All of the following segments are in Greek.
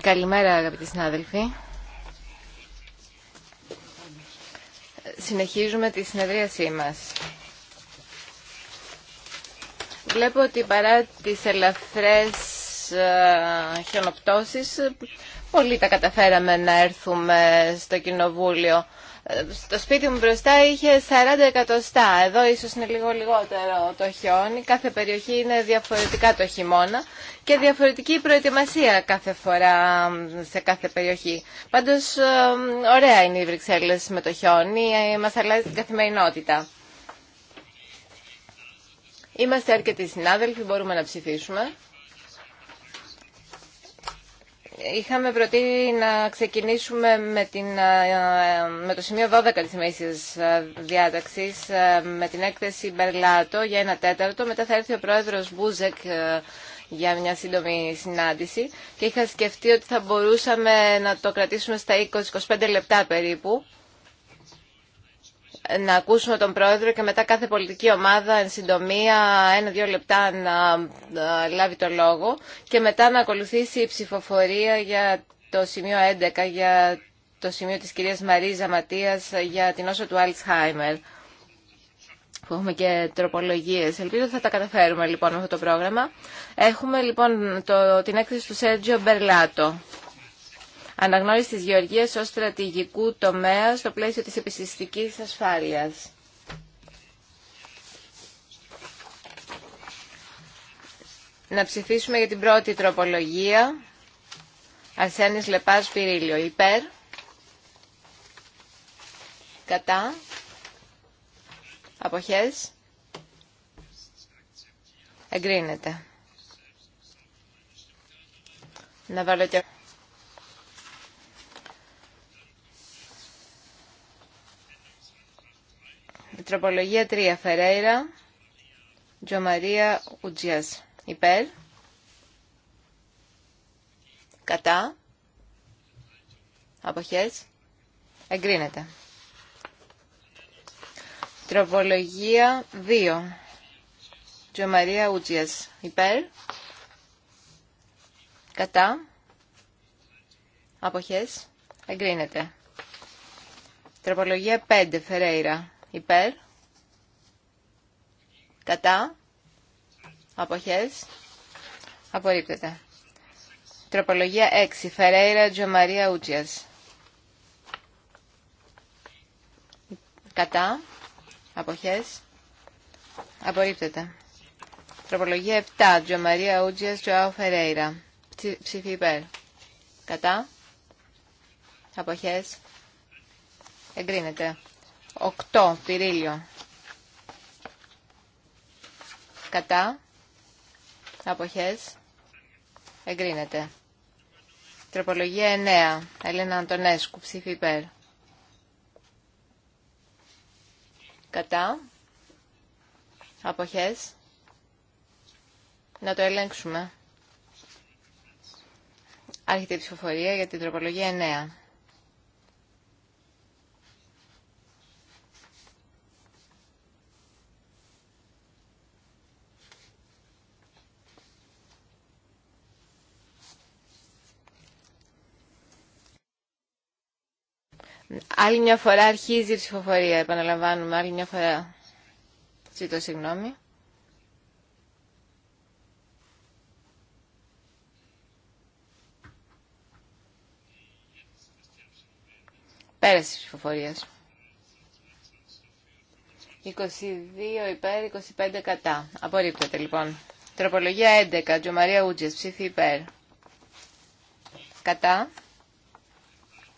Καλημέρα αγαπητοί συνάδελφοι. Συνεχίζουμε τη συνεδρίασή μας. Βλέπω ότι παρά τις ελαφρές ε, χιονοπτώσεις, πολύ τα καταφέραμε να έρθουμε στο Κοινοβούλιο. Το σπίτι μου μπροστά είχε 40 εκατοστά. Εδώ ίσως είναι λίγο λιγότερο το χιόνι. Κάθε περιοχή είναι διαφορετικά το χειμώνα και διαφορετική προετοιμασία κάθε φορά σε κάθε περιοχή. Πάντως ε, ωραία είναι οι Βρυξέλλες με το χιόνι, ε, μας αλλάζει την καθημερινότητα. Είμαστε αρκετοί συνάδελφοι, μπορούμε να ψηφίσουμε. Είχαμε προτείνει να ξεκινήσουμε με, την, ε, με το σημείο 12 της μέσης ε, διάταξης, ε, με την έκθεση Μπερλάτο για ένα τέταρτο. Μετά θα έρθει ο πρόεδρος Μπούζεκ για μια σύντομη συνάντηση και είχα σκεφτεί ότι θα μπορούσαμε να το κρατήσουμε στα 20-25 λεπτά περίπου να ακούσουμε τον Πρόεδρο και μετά κάθε πολιτική ομάδα εν συντομία ένα-δύο λεπτά να λάβει το λόγο και μετά να ακολουθήσει η ψηφοφορία για το σημείο 11, για το σημείο της κυρίας Μαρίζα Ματίας για την όσο του Αλτσχάιμερ που έχουμε και τροπολογίε. Ελπίζω θα τα καταφέρουμε λοιπόν με αυτό το πρόγραμμα. Έχουμε λοιπόν την έκθεση του Σέργιο Μπερλάτο αναγνώριση της γεωργίας ως στρατηγικού τομέα στο πλαίσιο της επιστηστικής ασφάλειας. Να ψηφίσουμε για την πρώτη τροπολογία. Αρσένης Λεπάς Πυρίλιο. Υπέρ. Κατά. Αποχές. Εγκρίνεται. Να βάλω και... Τροπολογία 3. Φερέιρα. Τζομαρία Ουτζιά. Υπέρ. Κατά. Αποχέ. Εγκρίνεται. Τροπολογία 2. Τζομαρία ουτζιά. Υπέρ. Κατά. Αποχές. Εγκρίνεται. Τροπολογία 5. Φερέιρα υπέρ, κατά, αποχές, απορρίπτεται. Τροπολογία 6. Φερέιρα Τζομαρία Ούτζιας. Κατά, αποχές, απορρίπτεται. Τροπολογία 7. Τζομαρία Ούτζιας Τζοάου Φερέιρα. Ψήφι υπέρ. Κατά, αποχές, εγκρίνεται. 8 πυρίλιο κατά αποχές εγκρίνεται τροπολογία 9 Ελένα Αντωνέσκου ψήφι υπέρ κατά αποχές να το ελέγξουμε Άρχεται η ψηφοφορία για την τροπολογία 9. Άλλη μια φορά αρχίζει η ψηφοφορία, επαναλαμβάνουμε. Άλλη μια φορά. Ζητώ συγγνώμη. Πέρασε Η ψηφοφορία. 22 υπέρ, 25 κατά. Απορρίπτεται λοιπόν. Τροπολογία 11. Τζομαρία Ούτζε. Ψήφι υπέρ. Κατά.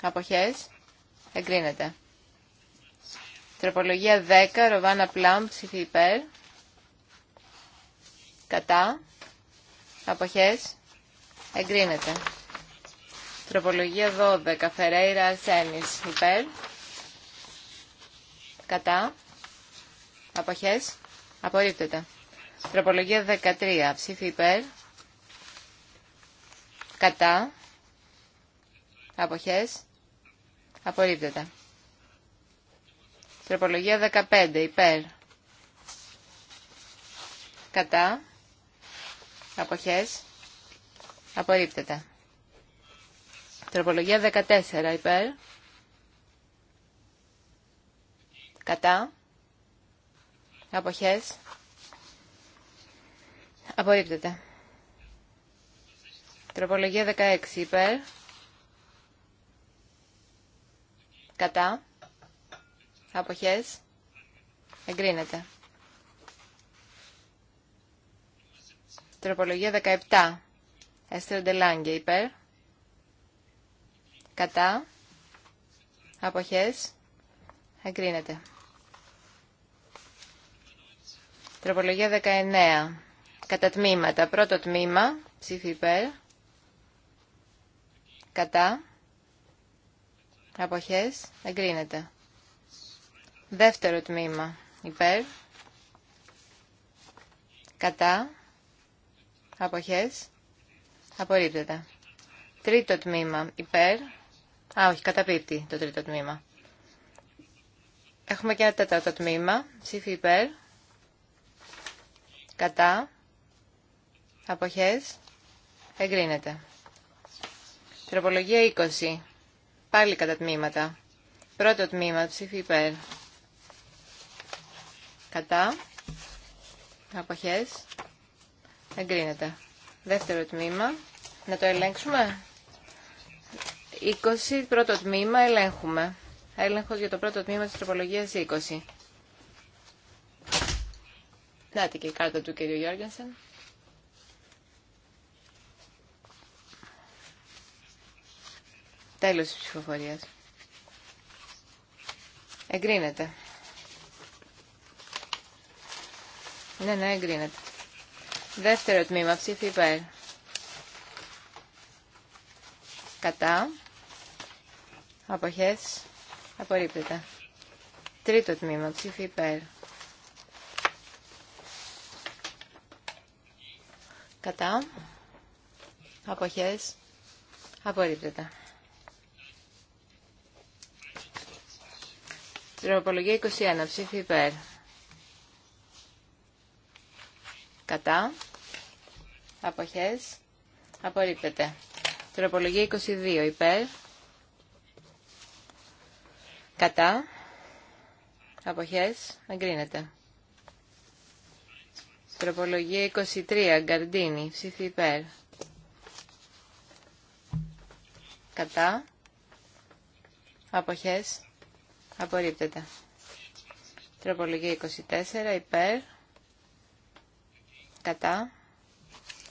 Αποχές. Εγκρίνεται. Τροπολογία 10, Ροβάνα Πλάμ, ψηφί υπέρ. Κατά. Αποχές. Εγκρίνεται. Τροπολογία 12, Φερέιρα Αρσένης, υπέρ. Κατά. Αποχές. Απορρίπτεται. Τροπολογία 13, ψήφι υπέρ. Κατά. Αποχές. Απορρίπτεται. Τροπολογία 15. Υπέρ. Κατά. Αποχές. Απορρίπτεται. Τροπολογία 14. Υπέρ. Κατά. Αποχές. Απορρίπτεται. Τροπολογία 16. Υπέρ. Κατά. Αποχές. Εγκρίνεται. Τροπολογία 17. Έστειο Ντελάνγκε υπέρ. Κατά. Αποχές. Εγκρίνεται. Τροπολογία 19. Κατά τμήματα. Πρώτο τμήμα. Ψήφι υπέρ. Κατά. Αποχές. Εγκρίνεται. Δεύτερο τμήμα. Υπέρ. Κατά. Αποχές. Απορρίπτεται. Τρίτο τμήμα. Υπέρ. Α, όχι, καταπίπτει το τρίτο τμήμα. Έχουμε και ένα τέταρτο τμήμα. Ψήφι υπέρ. Κατά. Αποχές. Εγκρίνεται. Τροπολογία 20. Πάλι κατά τμήματα. Πρώτο τμήμα, ψήφι υπέρ. Κατά. Αποχές. Εγκρίνεται. Δεύτερο τμήμα. Να το ελέγξουμε. 20, πρώτο τμήμα, ελέγχουμε. Έλεγχος για το πρώτο τμήμα της τροπολογίας 20. Να και η κάρτα του κ. Γιώργενσεν. Τέλος της ψηφοφορίας. Εγκρίνεται. Ναι, ναι, εγκρίνεται. Δεύτερο τμήμα, ψήφι υπέρ. Κατά. Αποχές. Απορρίπτεται. Τρίτο τμήμα, ψήφι υπέρ. Κατά. Αποχές. Απορρίπτεται. Τροπολογία 21. Ψήφι υπέρ. Κατά. Αποχές. Απορρίπτεται. Τροπολογία 22. Υπέρ. Κατά. Αποχές. Αγκρίνεται. Τροπολογία 23. Γκαρντίνη. Ψήφι υπέρ. Κατά. Αποχές. Απορρίπτεται. Τροπολογία 24 υπέρ. Κατά.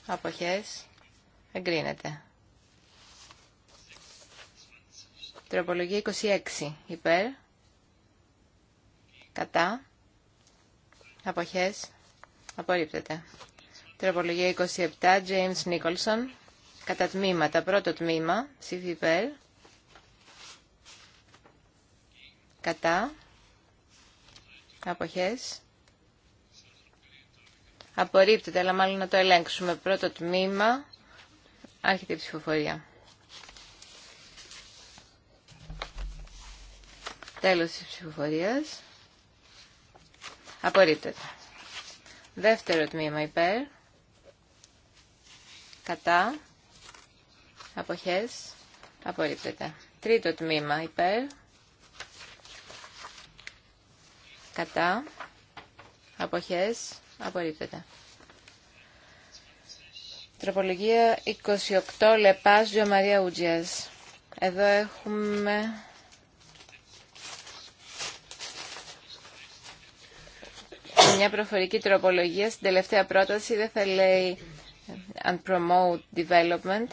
Αποχές. Εγκρίνεται. Τροπολογία 26 υπέρ. Κατά. Αποχές. Απορρίπτεται. Τροπολογία 27 James Nicholson. Κατά τμήματα. Πρώτο τμήμα. Ψήφι υπέρ. κατά, αποχές, απορρίπτεται, αλλά μάλλον να το ελέγξουμε. Πρώτο τμήμα, άρχεται η ψηφοφορία. Τέλος της ψηφοφορίας. Απορρίπτεται. Δεύτερο τμήμα υπέρ. Κατά. Αποχές. Απορρίπτεται. Τρίτο τμήμα υπέρ. κατά, αποχές, απορρίπτεται. Τροπολογία 28 Λεπάζιο Μαρία Ουτζιάς. Εδώ έχουμε... Μια προφορική τροπολογία στην τελευταία πρόταση δεν θα λέει and development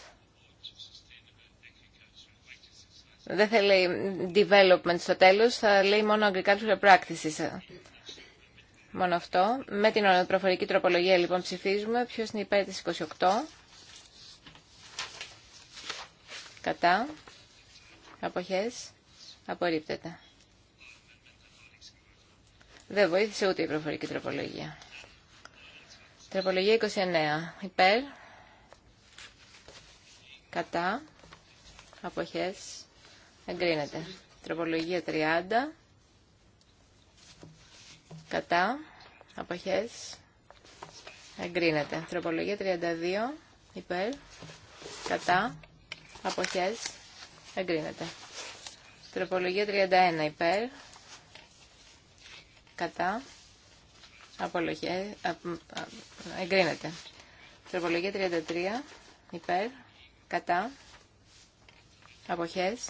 Δεν θα λέει development στο τέλος, θα λέει μόνο agricultural practices. Μόνο αυτό. Με την προφορική τροπολογία λοιπόν ψηφίζουμε. Ποιος είναι υπέρ της 28. Κατά. Αποχές. Απορρίπτεται. Δεν βοήθησε ούτε η προφορική τροπολογία. Τροπολογία 29. Υπέρ. Κατά. Αποχές. Εγκρίνεται. Τροπολογία 30. Κατά. Αποχές. Εγκρίνεται. Τροπολογία 32. Υπέρ. Κατά. Αποχές. Εγκρίνεται. Τροπολογία 31. Υπέρ. Κατά. Απολογία, εγκρίνεται. Τροπολογία 33. Υπέρ. Κατά. Αποχές.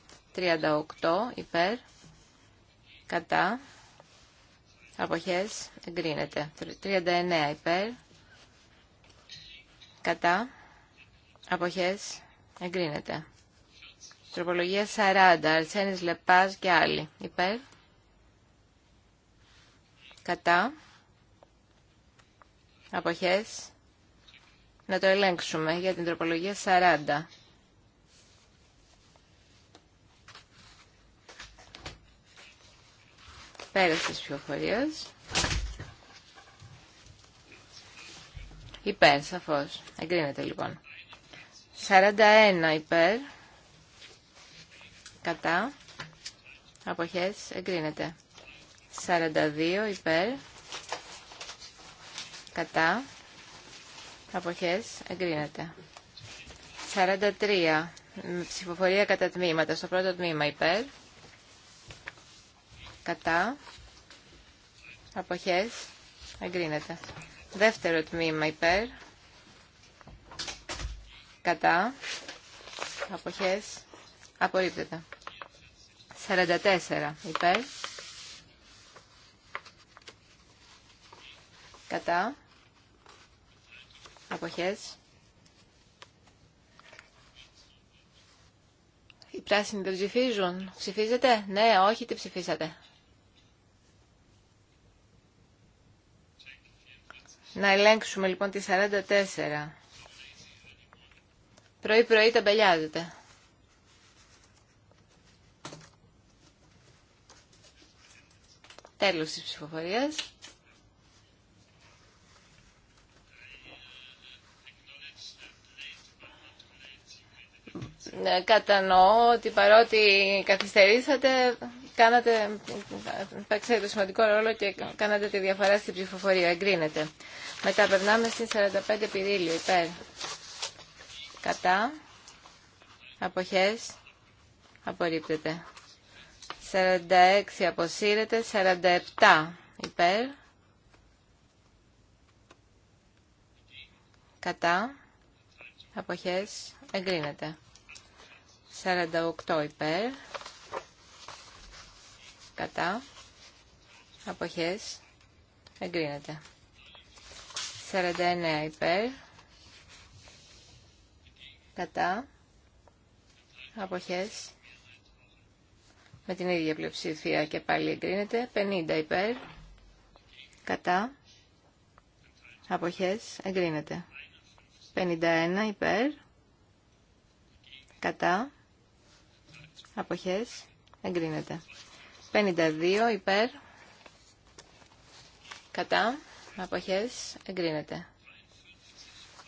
38 υπέρ κατά αποχές εγκρίνεται 39 υπέρ κατά αποχές εγκρίνεται τροπολογία 40 Αρσένης Λεπάς και άλλοι υπέρ κατά αποχές να το ελέγξουμε για την τροπολογία 40 Πέρας της ψηφοφορίας. Υπέρ, σαφώς. Εγκρίνεται λοιπόν. 41 υπέρ. Κατά. Αποχές. Εγκρίνεται. 42 υπέρ. Κατά. Αποχές. Εγκρίνεται. 43 ψηφοφορία κατά τμήματα. Στο πρώτο τμήμα υπέρ κατά, αποχές, εγκρίνεται. Δεύτερο τμήμα υπέρ, κατά, αποχές, απορρίπτεται. 44 υπέρ, κατά, αποχές, Οι πράσινοι δεν ψηφίζουν. Ψηφίζετε. Ναι, όχι, τι ψηφίσατε. Να ελέγξουμε λοιπόν τη 44. Πρωί-πρωί τα μπελιάζεται. Τέλος της ψηφοφορίας. Ναι, κατανοώ ότι παρότι καθυστερήσατε, κάνατε, παίξατε σημαντικό ρόλο και κάνατε τη διαφορά στην ψηφοφορία. Εγκρίνεται. Μετά περνάμε στην 45 πυρίλιο. Υπέρ. Κατά. Αποχές. Απορρίπτεται. 46 αποσύρεται. 47 υπέρ. Κατά. Αποχές. Εγκρίνεται. 48 υπέρ κατά αποχές εγκρίνεται 49 υπέρ κατά αποχές με την ίδια πλειοψηφία και πάλι εγκρίνεται 50 υπέρ κατά αποχές εγκρίνεται 51 υπέρ κατά αποχές εγκρίνεται 52 υπέρ κατά αποχές εγκρίνεται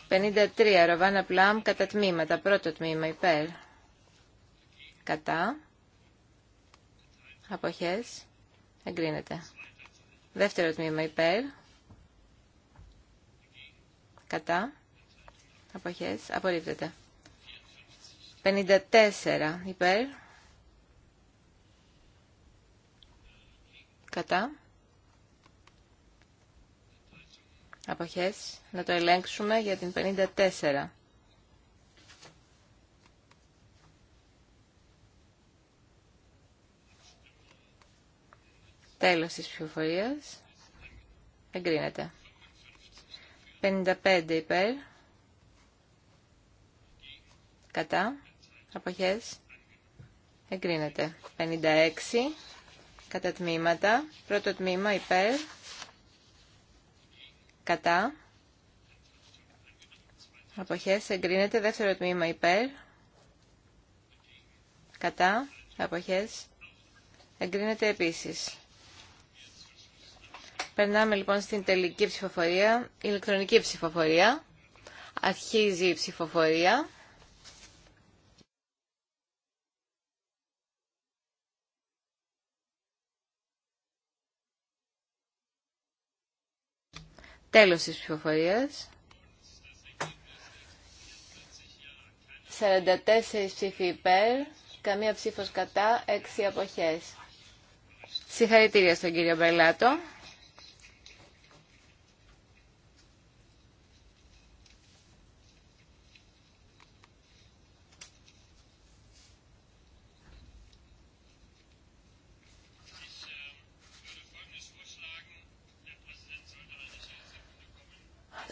53 Ροβάνα Πλάμ κατά τμήματα πρώτο τμήμα υπέρ κατά αποχές εγκρίνεται δεύτερο τμήμα υπέρ κατά αποχές απορρίπτεται 54 υπέρ Κατά. Αποχές. Να το ελέγξουμε για την 54. Τέλος της ψηφοφορίας. Εγκρίνεται. 55 υπέρ. Κατά. Αποχές. Εγκρίνεται. 56 κατά τμήματα. Πρώτο τμήμα υπέρ, κατά, αποχές εγκρίνεται. Δεύτερο τμήμα υπέρ, κατά, αποχές εγκρίνεται επίσης. Περνάμε λοιπόν στην τελική ψηφοφορία, ηλεκτρονική ψηφοφορία. Αρχίζει η ψηφοφορία. Τέλος της ψηφοφορίας. 44 ψήφοι υπέρ, καμία ψήφος κατά, 6 αποχές. Συγχαρητήρια στον κύριο Μπερλάτο.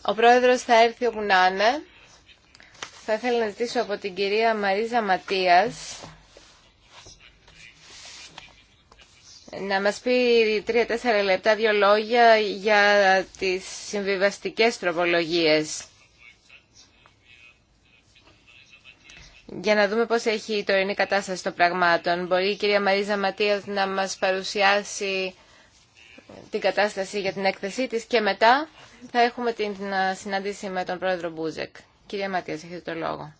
Ο πρόεδρος θα έρθει όπου να είναι. Θα ήθελα να ζητήσω από την κυρία Μαρίζα Ματίας να μας πει τρία-τέσσερα λεπτά δύο λόγια για τις συμβιβαστικές τροπολογίες. για να δούμε πώς έχει η τωρινή κατάσταση των πραγμάτων. Μπορεί η κυρία Μαρίζα Ματίας να μας παρουσιάσει την κατάσταση για την έκθεσή της και μετά θα έχουμε την ε, συναντήση με τον πρόεδρο Μπούζεκ. Κυρία Ματίας, έχετε το λόγο.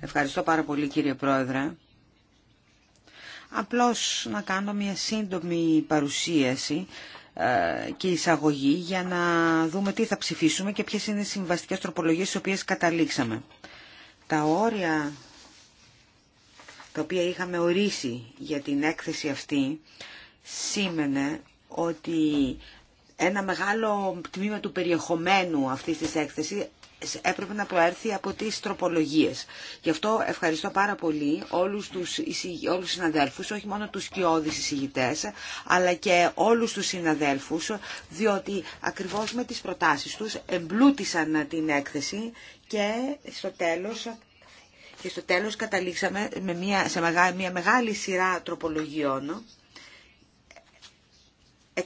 Ευχαριστώ πάρα πολύ κύριε Πρόεδρε. Απλώς να κάνω μια σύντομη παρουσίαση ε, και εισαγωγή για να δούμε τι θα ψηφίσουμε και ποιες είναι οι συμβαστικές τροπολογίες στις οποίες καταλήξαμε. Τα όρια τα οποία είχαμε ορίσει για την έκθεση αυτή σήμαινε ότι ένα μεγάλο τμήμα του περιεχομένου αυτής της έκθεσης έπρεπε να προέρθει από τις τροπολογίες. Γι' αυτό ευχαριστώ πάρα πολύ όλους τους, όλους τους συναδέλφους, όχι μόνο τους σκιώδεις εισηγητές, αλλά και όλους τους συναδέλφους, διότι ακριβώς με τις προτάσεις τους εμπλούτησαν την έκθεση και στο τέλος... Και στο τέλος καταλήξαμε σε μια μεγάλη σειρά τροπολογιών 103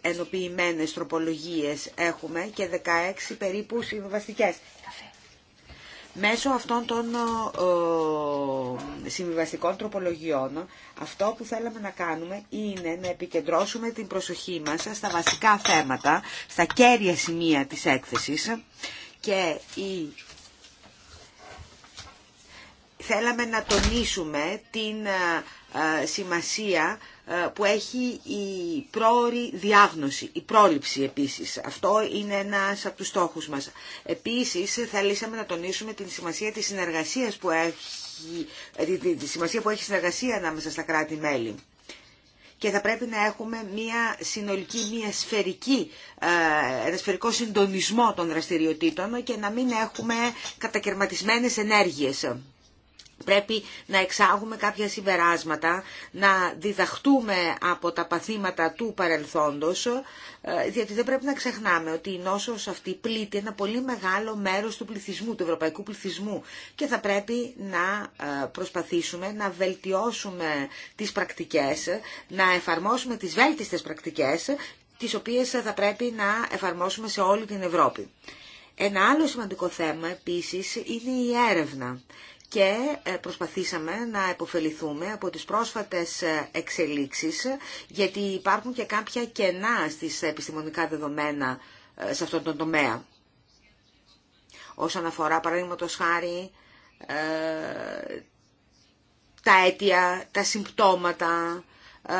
ενοποιημένες τροπολογίες έχουμε και 16 περίπου συμβιβαστικέ. Μέσω αυτών των ε, συμβιβαστικών τροπολογιών, αυτό που θέλαμε να κάνουμε είναι να επικεντρώσουμε την προσοχή μας στα βασικά θέματα, στα κέρια σημεία της έκθεσης και η θέλαμε να τονίσουμε την ε, ε, σημασία ε, που έχει η πρόορη διάγνωση, η πρόληψη επίσης. Αυτό είναι ένας από τους στόχους μας. Επίσης θέλησαμε να τονίσουμε τη σημασία της συνεργασίας που έχει, ε, τη σημασία που έχει συνεργασία ανάμεσα στα κράτη-μέλη. Και θα πρέπει να έχουμε μια συνολική, μια σφαιρική, ε, ένα σφαιρικό συντονισμό των δραστηριοτήτων και να μην έχουμε κατακαιρματισμένες ενέργειες πρέπει να εξάγουμε κάποια συμπεράσματα, να διδαχτούμε από τα παθήματα του παρελθόντος, γιατί ε, δεν πρέπει να ξεχνάμε ότι η νόσος αυτή πλήττει ένα πολύ μεγάλο μέρος του πληθυσμού, του ευρωπαϊκού πληθυσμού και θα πρέπει να ε, προσπαθήσουμε να βελτιώσουμε τις πρακτικές, να εφαρμόσουμε τις βέλτιστες πρακτικές, τις οποίες θα πρέπει να εφαρμόσουμε σε όλη την Ευρώπη. Ένα άλλο σημαντικό θέμα επίσης είναι η έρευνα και ε, προσπαθήσαμε να επωφεληθούμε από τις πρόσφατες ε, εξελίξεις γιατί υπάρχουν και κάποια κενά στις επιστημονικά δεδομένα ε, σε αυτόν τον τομέα. Όσον αφορά παραδείγματο χάρη τα αίτια, τα συμπτώματα, ε,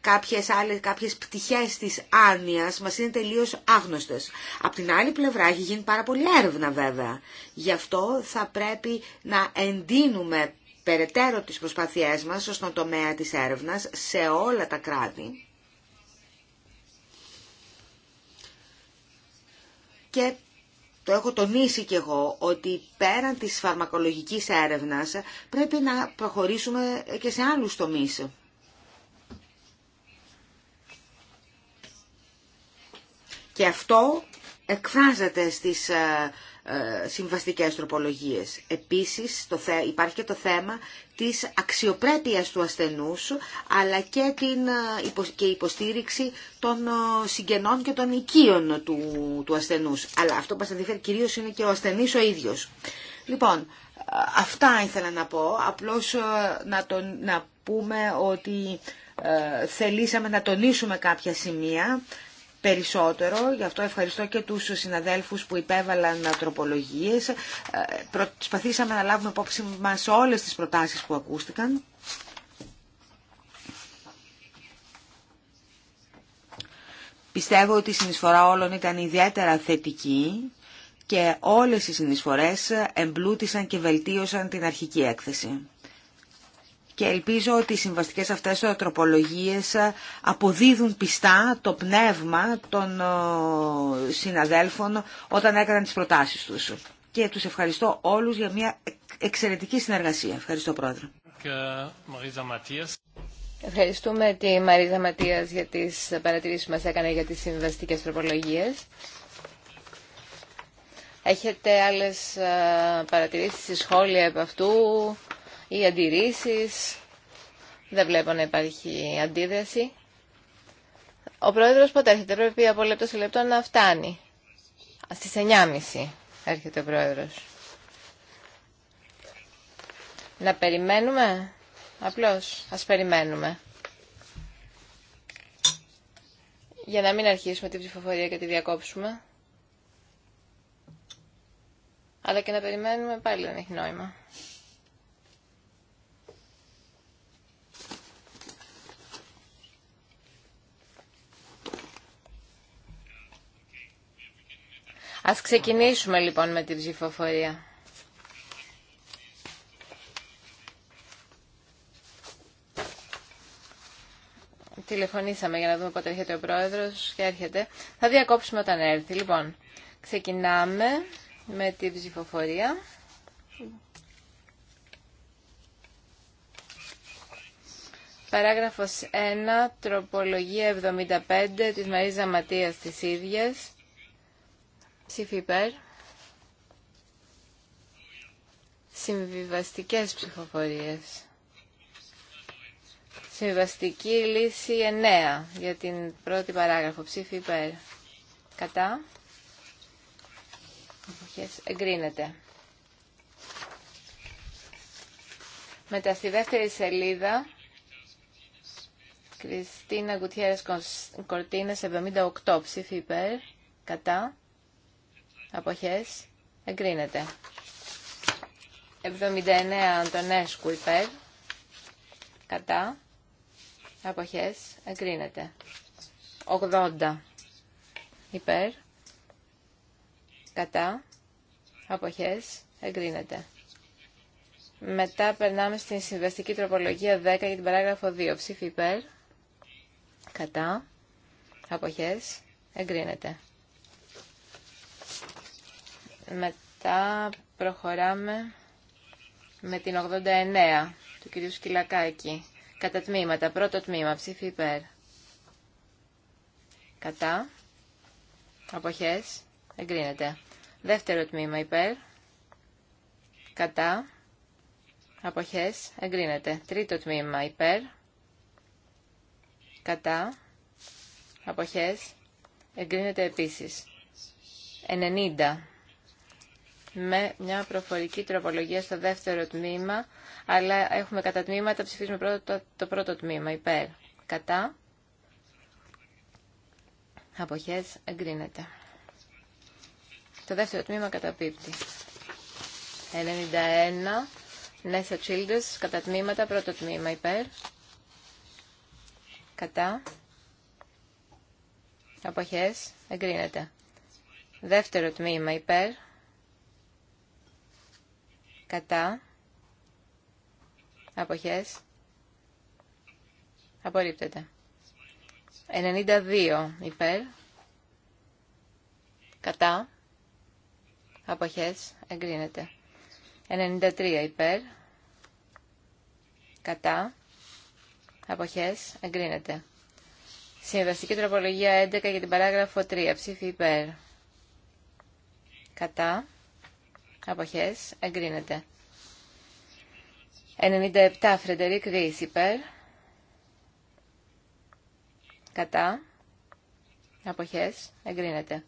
κάποιες, άλλες, κάποιες πτυχές της άνοιας μας είναι τελείως άγνωστες. Απ' την άλλη πλευρά έχει γίνει πάρα πολλή έρευνα βέβαια. Γι' αυτό θα πρέπει να εντείνουμε περαιτέρω τις προσπάθειές μας στον τομέα της έρευνας σε όλα τα κράτη. Και το έχω τονίσει κι εγώ ότι πέραν της φαρμακολογικής έρευνας πρέπει να προχωρήσουμε και σε άλλους τομείς. Και αυτό εκφράζεται στις ε, ε, συμβαστικές τροπολογίες. Επίσης το υπάρχει και το θέμα της αξιοπρέπειας του ασθενούς αλλά και, την, ε, και υποστήριξη των συγγενών και των οικείων του, του ασθενούς. Αλλά αυτό που μας ενδιαφέρει κυρίως είναι και ο ασθενής ο ίδιος. Λοιπόν, αυτά ήθελα να πω. Απλώς να, τον, να πούμε ότι ε, θελήσαμε να τονίσουμε κάποια σημεία περισσότερο. Γι' αυτό ευχαριστώ και τους συναδέλφους που υπέβαλαν τροπολογίες. Ε, προσπαθήσαμε να λάβουμε υπόψη μας όλες τις προτάσεις που ακούστηκαν. Πιστεύω ότι η συνεισφορά όλων ήταν ιδιαίτερα θετική και όλες οι συνεισφορές εμπλούτησαν και βελτίωσαν την αρχική έκθεση και ελπίζω ότι οι συμβαστικές αυτές τροπολογίες αποδίδουν πιστά το πνεύμα των ε, συναδέλφων όταν έκαναν τις προτάσεις τους. Και τους ευχαριστώ όλους για μια εξαιρετική συνεργασία. Ευχαριστώ Πρόεδρε. Ευχαριστούμε τη Μαρίζα Ματίας για τις παρατηρήσεις που μας έκανε για τις συμβαστικές τροπολογίες. Έχετε άλλες ε, παρατηρήσεις ή σχόλια από αυτού οι αντιρρήσεις. Δεν βλέπω να υπάρχει αντίδραση. Ο πρόεδρος πότε έρχεται, πρέπει από λεπτό σε λεπτό να φτάνει. Στις 9.30 έρχεται ο πρόεδρος. Να περιμένουμε, απλώς ας περιμένουμε. Για να μην αρχίσουμε την ψηφοφορία και τη διακόψουμε. Αλλά και να περιμένουμε πάλι δεν έχει νόημα. Ας ξεκινήσουμε λοιπόν με την ψηφοφορία. Τηλεφωνήσαμε για να δούμε πότε έρχεται ο πρόεδρος και έρχεται. Θα διακόψουμε όταν έρθει. Λοιπόν, ξεκινάμε με την ψηφοφορία. Παράγραφος 1, τροπολογία 75 της Μαρίζα Ματίας της ίδιας ψήφι υπέρ. Συμβιβαστικές ψηφοφορίες. Συμβιβαστική λύση 9 για την πρώτη παράγραφο. Ψήφι υπέρ. Κατά. Εγκρίνεται. Μετά στη δεύτερη σελίδα, Κριστίνα Γκουτιέρες Κορτίνας, 78 ψήφι υπέρ, κατά αποχές εγκρίνεται. 79 Αντωνέσκου υπέρ κατά αποχές εγκρίνεται. 80 υπέρ κατά αποχές εγκρίνεται. Μετά περνάμε στην συμβαστική τροπολογία 10 για την παράγραφο 2. Ψήφι υπέρ, κατά, αποχές, εγκρίνεται. Μετά προχωράμε με την 89 του κυρίου Σκυλακάκη. Κατά τμήματα. Πρώτο τμήμα. Ψήφι υπέρ. Κατά. Αποχές. Εγκρίνεται. Δεύτερο τμήμα υπέρ. Κατά. Αποχές. Εγκρίνεται. Τρίτο τμήμα υπέρ. Κατά. Αποχές. Εγκρίνεται επίσης. 90 με μια προφορική τροπολογία στο δεύτερο τμήμα, αλλά έχουμε κατά τμήματα, ψηφίζουμε πρώτα το πρώτο τμήμα, υπέρ. Κατά. Αποχές εγκρίνεται. Το δεύτερο τμήμα καταπίπτει. 91. Νέσα Τσίλντες, κατά τμήματα, πρώτο τμήμα υπέρ. Κατά. Αποχές εγκρίνεται. Δεύτερο τμήμα υπέρ κατά, αποχές, απορρίπτεται. 92 υπέρ, κατά, αποχές, εγκρίνεται. 93 υπέρ, κατά, αποχές, εγκρίνεται. Συμβαστική τροπολογία 11 για την παράγραφο 3, ψήφι υπέρ. Κατά, Αποχές. Εγκρίνεται. 97. Φρεντερίκ Ρίς. υπέρ. Κατά. Αποχές. Εγκρίνεται.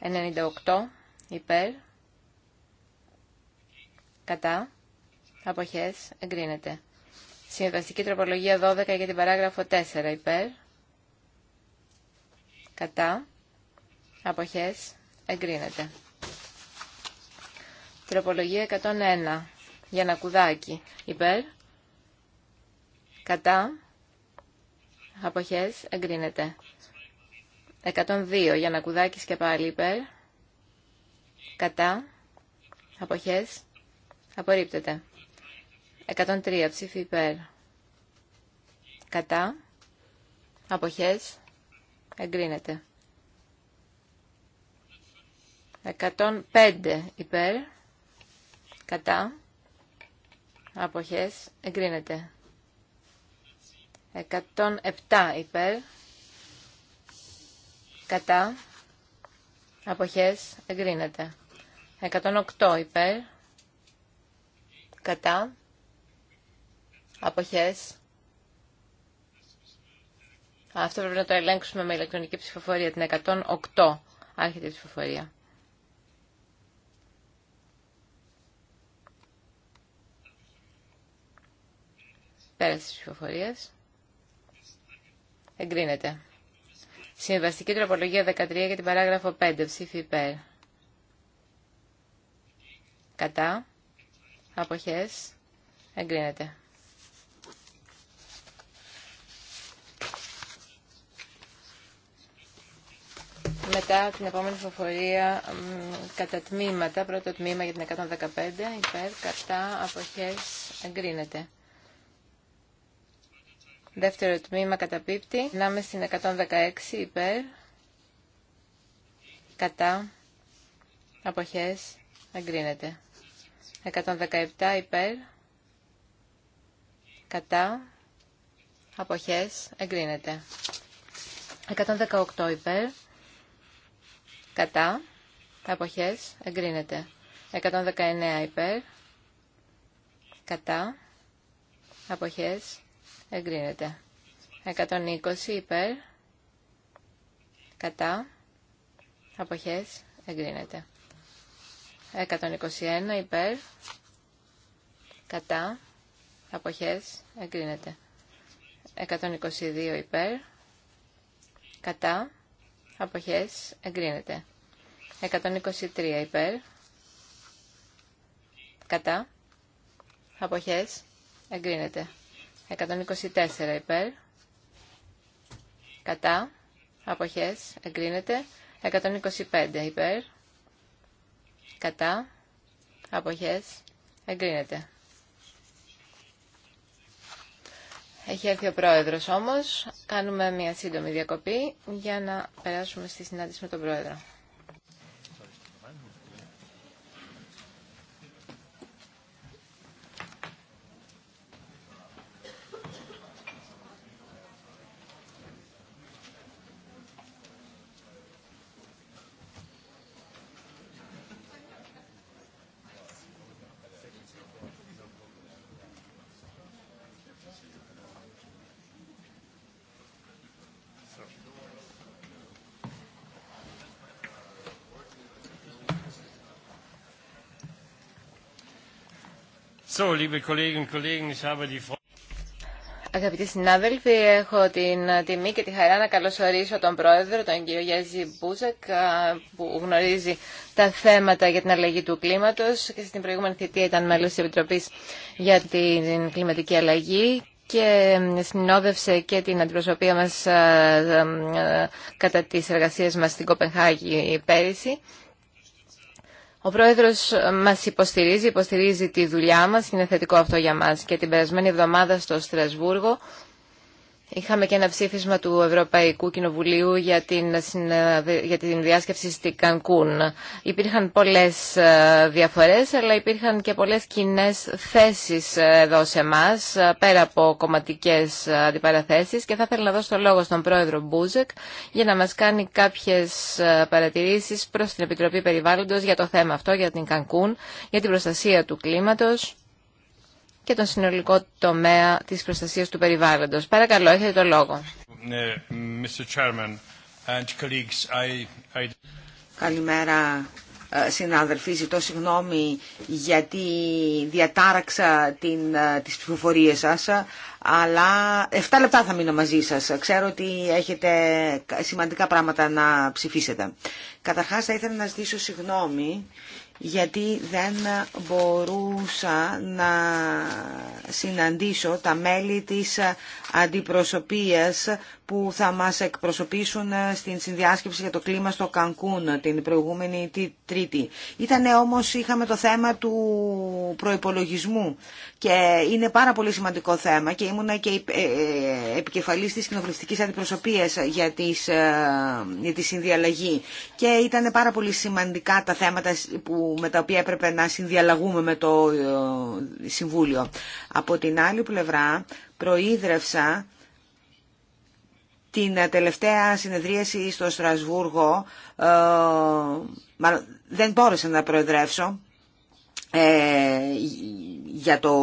98. Υπέρ. Κατά. Αποχές. Εγκρίνεται. Συμβαστική τροπολογία 12 για την παράγραφο 4. Υπέρ. Κατά. Αποχές. Εγκρίνεται. Τροπολογία 101. Για να κουδάκι. Υπέρ. Κατά. Αποχές. Εγκρίνεται. 102. Για να κουδάκι και πάλι υπέρ. Κατά. Αποχές. Απορρίπτεται. 103. Ψήφι υπέρ. Κατά. Αποχές. Εγκρίνεται. 105 υπέρ κατά, αποχές, εγκρίνεται. 107 υπέρ, κατά, αποχές, εγκρίνεται. 108 υπέρ, κατά, αποχές. Αυτό πρέπει να το ελέγξουμε με ηλεκτρονική ψηφοφορία, την 108 άρχεται η ψηφοφορία. Πέραση της ψηφοφορία. Εγκρίνεται. Συμβαστική τροπολογία 13 για την παράγραφο 5. Ψήφι υπέρ. Κατά. Αποχές. Εγκρίνεται. Μετά την επόμενη ψηφοφορία κατά τμήματα, πρώτο τμήμα για την 115, υπέρ, κατά, αποχές, εγκρίνεται. Δεύτερο τμήμα καταπίπτει. Να είμαι στην 116 υπέρ. Κατά. Αποχές. εγκρίνεται. 117 υπέρ. Κατά. Αποχές. Εγκρίνεται. 118 υπέρ. Κατά. Αποχές. Εγκρίνεται. 119 υπέρ. Κατά. Αποχές εγκρίνεται. 120 υπέρ, κατά, αποχές, εγκρίνεται. 121 υπέρ, κατά, αποχές, εγκρίνεται. 122 υπέρ, κατά, αποχές, εγκρίνεται. 123 υπέρ, κατά, αποχές, εγκρίνεται. 124 υπέρ. Κατά. Αποχές. Εγκρίνεται. 125 υπέρ. Κατά. Αποχές. Εγκρίνεται. Έχει έρθει ο πρόεδρος όμως. Κάνουμε μια σύντομη διακοπή για να περάσουμε στη συνάντηση με τον πρόεδρο. Αγαπητοί συνάδελφοι, έχω την τιμή και τη χαρά να καλωσορίσω τον Πρόεδρο, τον κύριο Γιάννη Μπούζακ, που γνωρίζει τα θέματα για την αλλαγή του κλίματος και στην προηγούμενη θητεία ήταν μέλος της Επιτροπής για την κλιματική αλλαγή και συνόδευσε και την αντιπροσωπεία μας κατά τις εργασίες μας στην Κοπενχάγη πέρυσι. Ο Πρόεδρος μας υποστηρίζει, υποστηρίζει τη δουλειά μας, είναι θετικό αυτό για μας και την περασμένη εβδομάδα στο Στρασβούργο Είχαμε και ένα ψήφισμα του Ευρωπαϊκού Κοινοβουλίου για την, για την διάσκεψη στη Κανκούν. Υπήρχαν πολλές ε, διαφορές, αλλά υπήρχαν και πολλές κοινέ θέσεις ε, εδώ σε εμά, ε, πέρα από κομματικές αντιπαραθέσεις και θα ήθελα να δώσω το λόγο στον πρόεδρο Μπούζεκ για να μας κάνει κάποιες παρατηρήσεις προς την Επιτροπή Περιβάλλοντος για το θέμα αυτό, για την Κανκούν, για την προστασία του κλίματος και τον συνολικό τομέα της προστασίας του περιβάλλοντος. Παρακαλώ, έχετε το λόγο. Ναι, Καλημέρα, ε, συνάδελφοι. Ζητώ συγγνώμη γιατί διατάραξα την, ε, τις ψηφοφορίες σας, αλλά 7 λεπτά θα μείνω μαζί σας. Ξέρω ότι έχετε σημαντικά πράγματα να ψηφίσετε. Καταρχάς θα ήθελα να ζητήσω συγγνώμη γιατί δεν μπορούσα να συναντήσω τα μέλη της αντιπροσωπείας που θα μας εκπροσωπήσουν ε, στην συνδιάσκεψη για το κλίμα στο Κανκούν ε, την προηγούμενη Τρίτη. Ήταν όμως, είχαμε το θέμα του προϋπολογισμού και είναι πάρα πολύ σημαντικό θέμα και ήμουν και ε, επικεφαλής της κοινοβουλευτικής αντιπροσωπείας για, τις, για τη συνδιαλλαγή και ήταν πάρα πολύ σημαντικά τα θέματα που, με τα οποία έπρεπε να συνδιαλλαγούμε με το Συμβούλιο. Από την άλλη πλευρά προείδρευσα την ε, τελευταία συνεδρίαση στο Στρασβούργο, ε, δεν μπόρεσα να προεδρεύσω ε, για το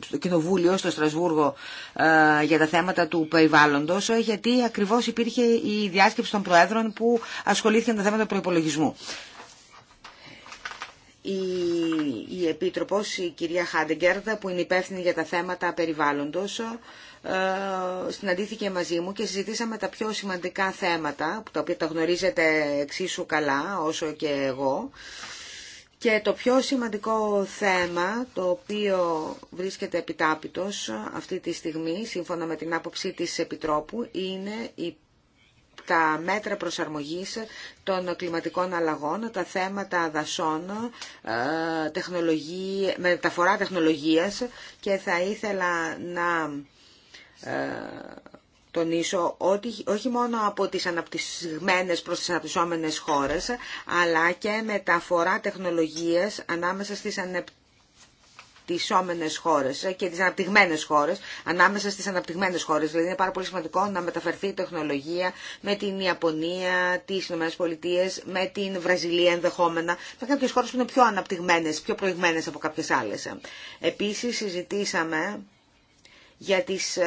στο Κοινοβούλιο, στο Στρασβούργο, για τα θέματα του περιβάλλοντος, γιατί ακριβώς υπήρχε η διάσκεψη των Προέδρων που ασχολήθηκαν με τα θέματα προϋπολογισμού η, η Επίτροπος, η κυρία Χάντεγκέρδα, που είναι υπεύθυνη για τα θέματα περιβάλλοντος, ε, συναντήθηκε μαζί μου και συζητήσαμε τα πιο σημαντικά θέματα, τα οποία τα γνωρίζετε εξίσου καλά όσο και εγώ. Και το πιο σημαντικό θέμα, το οποίο βρίσκεται επιτάπητος αυτή τη στιγμή, σύμφωνα με την άποψή της Επιτρόπου, είναι η τα μέτρα προσαρμογής των κλιματικών αλλαγών, τα θέματα δασών, ε, τεχνολογία, μεταφορά τεχνολογίας και θα ήθελα να ε, τονίσω ότι όχι μόνο από τις αναπτυσσμένες προς τις αναπτυσσόμενες χώρες, αλλά και μεταφορά τεχνολογίας ανάμεσα στις όμενε χώρε ε, και τι αναπτυγμένε χώρε ανάμεσα στι αναπτυγμένες χώρε, Δηλαδή είναι πάρα πολύ σημαντικό να μεταφερθεί η τεχνολογία με την Ιαπωνία, τις ΗΠΑ, με την Βραζιλία ενδεχόμενα, με κάποιες χώρε που είναι πιο αναπτυγμένε, πιο προηγμένες από κάποιε άλλε. Επίση, συζητήσαμε για τις ε,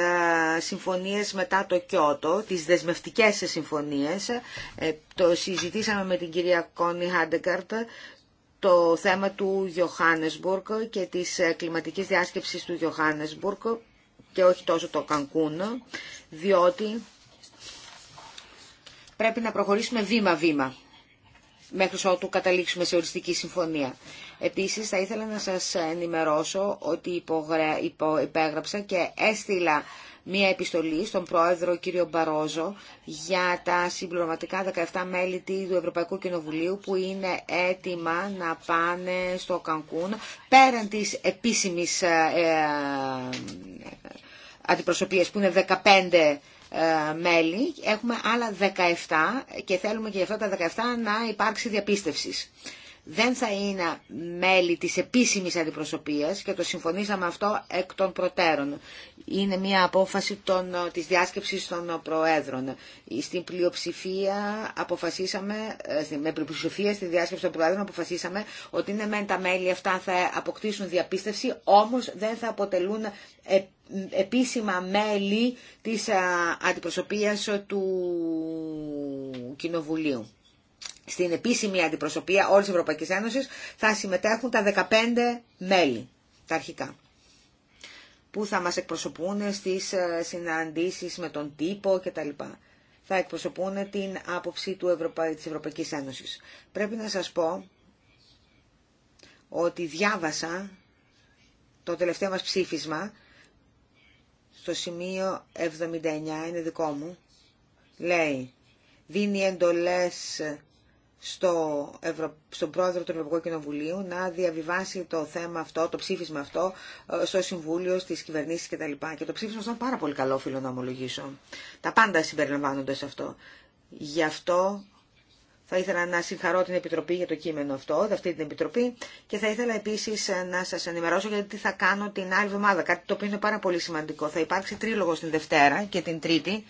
συμφωνίες μετά το Κιώτο, τις δεσμευτικές συμφωνίες. Ε, το συζητήσαμε με την κυρία Κόνι Χάντεγκαρτ το θέμα του Γιωχάνεσμπουργκ και της ε, κλιματικής διάσκεψης του Γιωχάνεσμπουργκ και όχι τόσο το Κανκούν, διότι πρέπει να προχωρήσουμε βήμα-βήμα μέχρι ότου καταλήξουμε σε οριστική συμφωνία. Επίσης θα ήθελα να σας ενημερώσω ότι υπέγραψα και έστειλα μία επιστολή στον πρόεδρο κύριο Μπαρόζο για τα συμπληρωματικά 17 μέλη του Ευρωπαϊκού Κοινοβουλίου που είναι έτοιμα να πάνε στο Κανκούν πέραν της επίσημης ε, ε, αντιπροσωπείας που είναι 15 ε, μέλη, έχουμε άλλα 17 και θέλουμε και για αυτά τα 17 να υπάρξει διαπίστευση δεν θα είναι μέλη της επίσημης αντιπροσωπείας και το συμφωνήσαμε αυτό εκ των προτέρων. Είναι μια απόφαση των, της διάσκεψης των προέδρων. Στην πλειοψηφία αποφασίσαμε, ε, με πλειοψηφία στη διάσκεψη των προέδρων αποφασίσαμε ότι είναι μεν τα μέλη αυτά θα αποκτήσουν διαπίστευση, όμως δεν θα αποτελούν ε, επίσημα μέλη της ε, αντιπροσωπείας του Κοινοβουλίου στην επίσημη αντιπροσωπεία όλη τη Ευρωπαϊκή Ένωση, θα συμμετέχουν τα 15 μέλη, τα αρχικά, που θα μας εκπροσωπούν στις ε, συναντήσεις με τον τύπο κτλ. Θα εκπροσωπούν την άποψη του Ευρωπα... της Ευρωπαϊκής Ένωσης. Πρέπει να σας πω ότι διάβασα το τελευταίο μας ψήφισμα στο σημείο 79, είναι δικό μου, λέει δίνει εντολές στο στον πρόεδρο του Ευρωπαϊκού Κοινοβουλίου να διαβιβάσει το θέμα αυτό, το ψήφισμα αυτό, ε, στο Συμβούλιο, στι κυβερνήσει κτλ. Και το ψήφισμα αυτό είναι πάρα πολύ καλό, φίλο να ομολογήσω. Τα πάντα συμπεριλαμβάνονται σε αυτό. Γι' αυτό θα ήθελα να συγχαρώ την Επιτροπή για το κείμενο αυτό, για αυτή την Επιτροπή, και θα ήθελα επίση ε, να σα ενημερώσω γιατί τι θα κάνω την άλλη εβδομάδα. Κάτι το οποίο είναι πάρα πολύ σημαντικό. Θα υπάρξει τρίλογο την Δευτέρα και την Τρίτη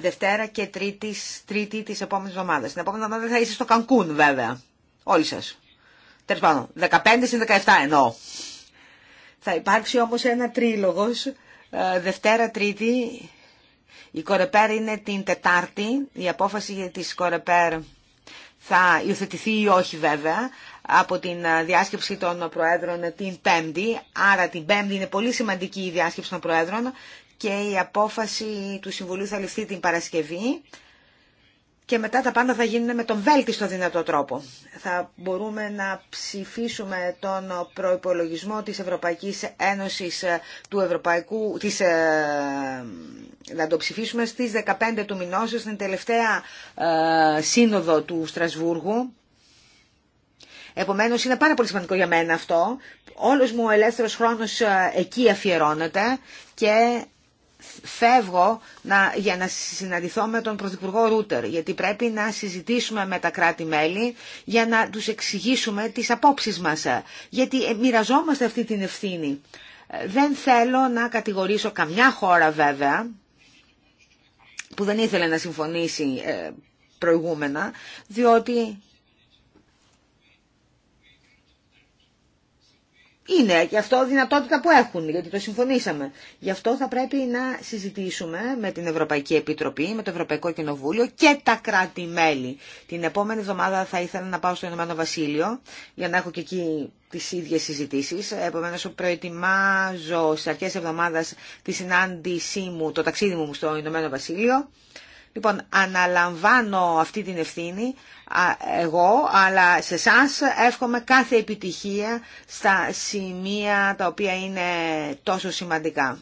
Δευτέρα και τρίτη, τρίτη της επόμενης εβδομάδας. Την επόμενη εβδομάδα θα είσαι στο Κανκούν βέβαια. Όλοι σα. Τέλος πάντων, 15 συν 17 εννοώ. Θα υπάρξει όμως ένα τρίλογος, ε, Δευτέρα, Τρίτη, η Κορεπέρ είναι την Τετάρτη, η απόφαση για τη Κορεπέρ θα υιοθετηθεί ή όχι βέβαια από την ε, διάσκεψη των Προέδρων την Πέμπτη, άρα την Πέμπτη είναι πολύ σημαντική η διάσκεψη των Προέδρων και η απόφαση του Συμβουλίου θα ληφθεί την Παρασκευή και μετά τα πάντα θα γίνουν με τον βέλτιστο δυνατό τρόπο. Θα μπορούμε να ψηφίσουμε τον προϋπολογισμό της Ευρωπαϊκής Ένωσης ε, του Ευρωπαϊκού, της, ε, να το ψηφίσουμε στις 15 του μηνός, στην τελευταία ε, σύνοδο του Στρασβούργου. Επομένως είναι πάρα πολύ σημαντικό για μένα αυτό. Όλος μου ο ελεύθερος χρόνος εκεί αφιερώνεται και φεύγω για να συναντηθώ με τον Πρωθυπουργό Ρούτερ, γιατί πρέπει να συζητήσουμε με τα κράτη-μέλη για να τους εξηγήσουμε τις απόψεις μας, γιατί ε, μοιραζόμαστε αυτή την ευθύνη. Ε, δεν θέλω να κατηγορήσω καμιά χώρα βέβαια, που δεν ήθελε να συμφωνήσει ε, προηγούμενα, διότι είναι και αυτό δυνατότητα που έχουν, γιατί το συμφωνήσαμε. Γι' αυτό θα πρέπει να συζητήσουμε με την Ευρωπαϊκή Επιτροπή, με το Ευρωπαϊκό Κοινοβούλιο και τα κράτη-μέλη. Την επόμενη εβδομάδα θα ήθελα να πάω στο Ηνωμένο Βασίλειο για να έχω και εκεί τις ίδιες συζητήσεις. Επομένω, προετοιμάζω στι αρχέ εβδομάδα τη συνάντησή μου, το ταξίδι μου στο Ηνωμένο Βασίλειο. Λοιπόν, αναλαμβάνω αυτή την ευθύνη εγώ, αλλά σε εσά εύχομαι κάθε επιτυχία στα σημεία τα οποία είναι τόσο σημαντικά.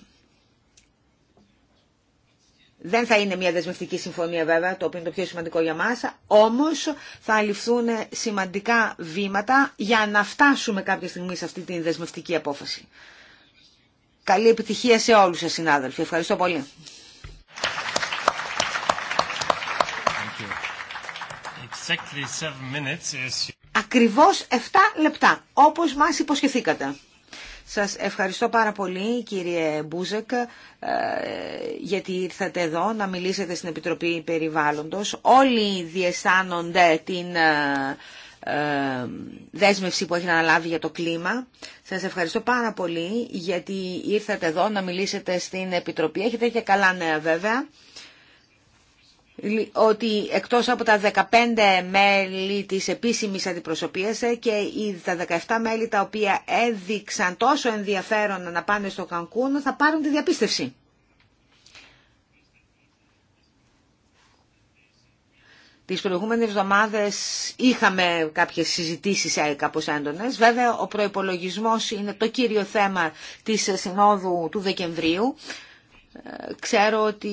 Δεν θα είναι μια δεσμευτική συμφωνία βέβαια, το οποίο είναι το πιο σημαντικό για μας, όμως θα ληφθούν σημαντικά βήματα για να φτάσουμε κάποια στιγμή σε αυτή την δεσμευτική απόφαση. Καλή επιτυχία σε όλους σας συνάδελφοι. Ευχαριστώ πολύ. Exactly Ακριβώς 7 λεπτά, όπως μας υποσχεθήκατε. Σας ευχαριστώ πάρα πολύ κύριε Μπούζεκ ε, γιατί ήρθατε εδώ να μιλήσετε στην Επιτροπή Περιβάλλοντος. Όλοι διαισθάνονται την ε, ε, δέσμευση που έχει αναλάβει για το κλίμα. Σας ευχαριστώ πάρα πολύ γιατί ήρθατε εδώ να μιλήσετε στην Επιτροπή. Έχετε και καλά νέα βέβαια ότι εκτός από τα 15 μέλη της επίσημης αντιπροσωπείας ε, και τα 17 μέλη τα οποία έδειξαν τόσο ενδιαφέρον να πάνε στο Κανκούν θα πάρουν τη διαπίστευση. Τις προηγούμενες εβδομάδες είχαμε κάποιες συζητήσεις ε, κάπως έντονες. Βέβαια ο προϋπολογισμός είναι το κύριο θέμα της Συνόδου του Δεκεμβρίου. Ε, ξέρω ότι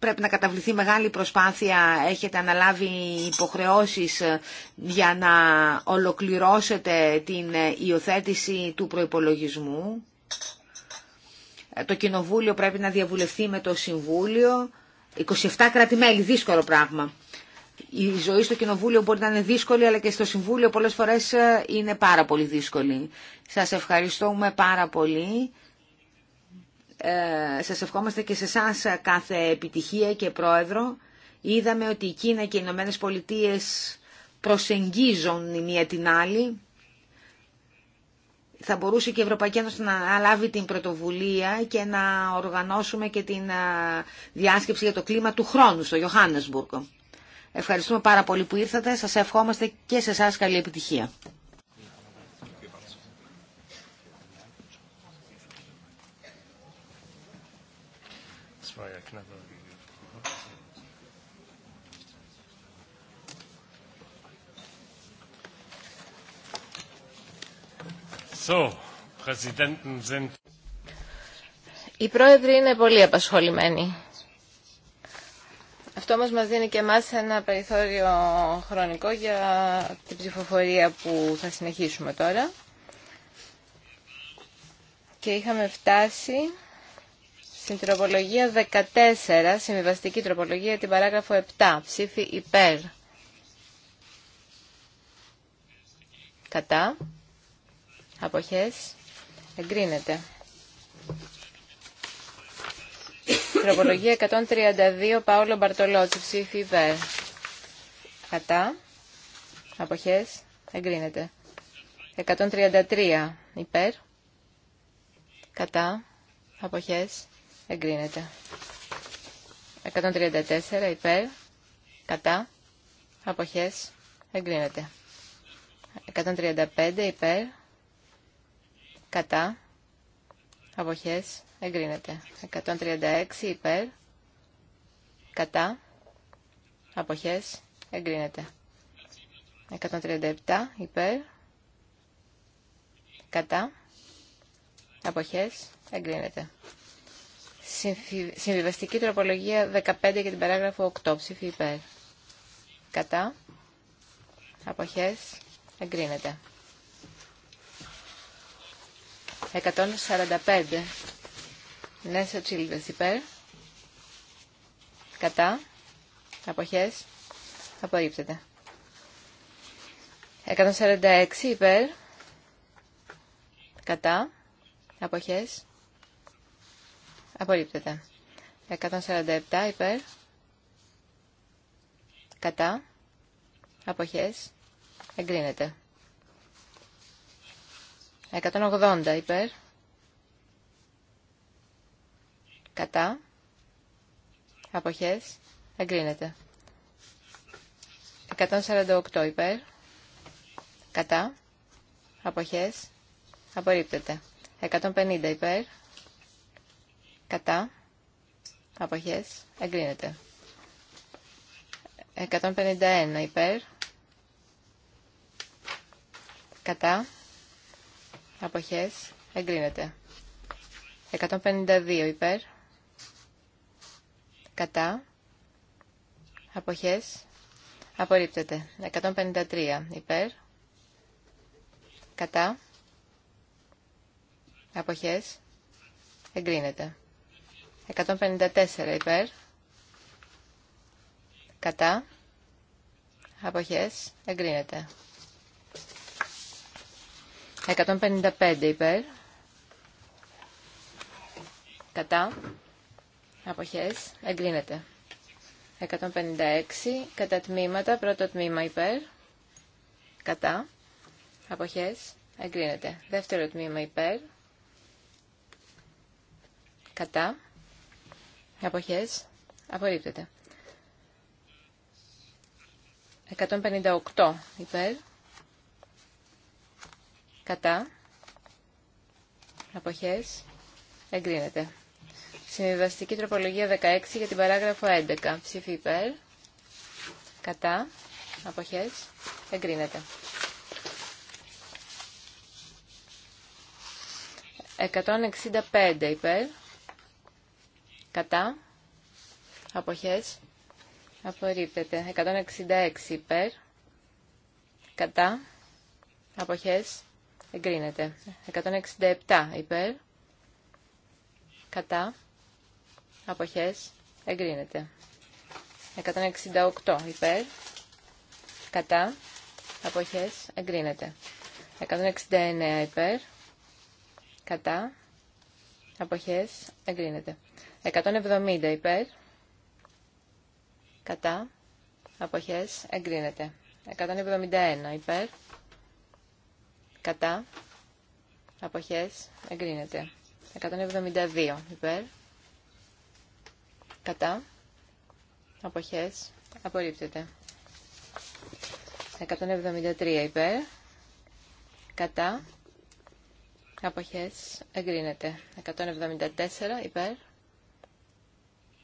πρέπει να καταβληθεί μεγάλη προσπάθεια, έχετε αναλάβει υποχρεώσεις ε, για να ολοκληρώσετε την ε, υιοθέτηση του προϋπολογισμού. Ε, το Κοινοβούλιο πρέπει να διαβουλευτεί με το Συμβούλιο. 27 κράτη-μέλη, δύσκολο πράγμα. Η ζωή στο Κοινοβούλιο μπορεί να είναι δύσκολη, αλλά και στο Συμβούλιο πολλές φορές είναι πάρα πολύ δύσκολη. Σας ευχαριστούμε πάρα πολύ. Ε, σας ευχόμαστε και σε εσά κάθε επιτυχία και πρόεδρο. Είδαμε ότι η Κίνα και οι Ηνωμένε Πολιτείε προσεγγίζουν η μία την άλλη. Θα μπορούσε και η Ευρωπαϊκή Ένωση να λάβει την πρωτοβουλία και να οργανώσουμε και την ε, διάσκεψη για το κλίμα του χρόνου στο Ιωάννεσμπουργκ. Ευχαριστούμε πάρα πολύ που ήρθατε. Σας ευχόμαστε και σε εσά καλή επιτυχία. Η Οι πρόεδροι είναι πολύ απασχολημένοι. Αυτό όμως μας δίνει και εμάς ένα περιθώριο χρονικό για την ψηφοφορία που θα συνεχίσουμε τώρα. Και είχαμε φτάσει στην τροπολογία 14, συμβιβαστική τροπολογία, την παράγραφο 7, ψήφι υπέρ. Κατά αποχές εγκρίνεται. Τροπολογία 132 Παόλο Μπαρτολότσι ψήφι υπέρ. Κατά αποχές εγκρίνεται. 133 υπέρ. Κατά αποχές εγκρίνεται. 134 υπέρ. Κατά αποχές εγκρίνεται. 135 υπέρ κατά, αποχές, εγκρίνεται. 136 υπέρ, κατά, αποχές, εγκρίνεται. 137 υπέρ, κατά, αποχές, εγκρίνεται. Συμβιβαστική τροπολογία 15 για την παράγραφο 8 ψήφι υπέρ. Κατά, αποχές, εγκρίνεται. 145. Νέσο Τσίλβες υπέρ. Κατά. Αποχές. Απορρίπτεται. 146 υπέρ. Κατά. Αποχές. Απορρίπτεται. 147 υπέρ. Κατά. Αποχές. Εγκρίνεται. 180 υπέρ. Κατά. Αποχές. Εγκρίνεται. 148 υπέρ. Κατά. Αποχές. Απορρίπτεται. 150 υπέρ. Κατά. Αποχές. Εγκρίνεται. 151 υπέρ. Κατά. Αποχές. Εγκρίνεται. 152 υπέρ. Κατά. Αποχές. Απορρίπτεται. 153 υπέρ. Κατά. Αποχές. Εγκρίνεται. 154 υπέρ. Κατά. Αποχές. Εγκρίνεται. 155 υπέρ. Κατά. Αποχές. Εγκρίνεται. 156 κατά τμήματα. Πρώτο τμήμα υπέρ. Κατά. Αποχές. Εγκρίνεται. Δεύτερο τμήμα υπέρ. Κατά. Αποχές. Απορρίπτεται. 158 υπέρ. Κατά. Αποχές. Εγκρίνεται. Συμβιβαστική τροπολογία 16 για την παράγραφο 11. Ψήφι υπέρ. Κατά. Αποχές. Εγκρίνεται. 165 υπέρ. Κατά. Αποχές. Απορρίπτεται. 166 υπέρ. Κατά. Αποχές. Εγκρίνεται. 167 υπέρ. Κατά. Αποχές. Εγκρίνεται. 168 υπέρ. Κατά. Αποχές. Εγκρίνεται. 169 υπέρ. Κατά. Αποχές. Εγκρίνεται. 170 υπέρ. Κατά. Αποχές. Εγκρίνεται. 171 υπέρ. Κατά. Αποχές. Εγκρίνεται. 172 υπέρ. Κατά. Αποχές. Απορρίπτεται. 173 υπέρ. Κατά. Αποχές. Εγκρίνεται. 174 υπέρ.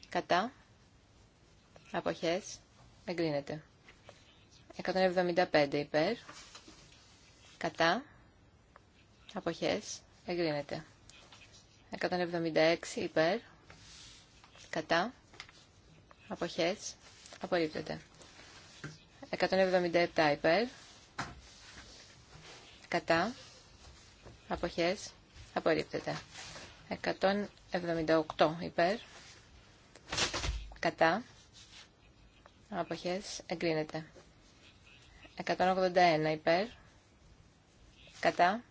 Κατά. Αποχές. Εγκρίνεται. 175 υπέρ. Κατά. Αποχές. Εγκρίνεται. 176 υπέρ. Κατά. Αποχές. Απορρίπτεται. 177 υπέρ. Κατά. Αποχές. Απορρίπτεται. 178 υπέρ. Κατά. Αποχές. Εγκρίνεται. 181 υπέρ. Κατά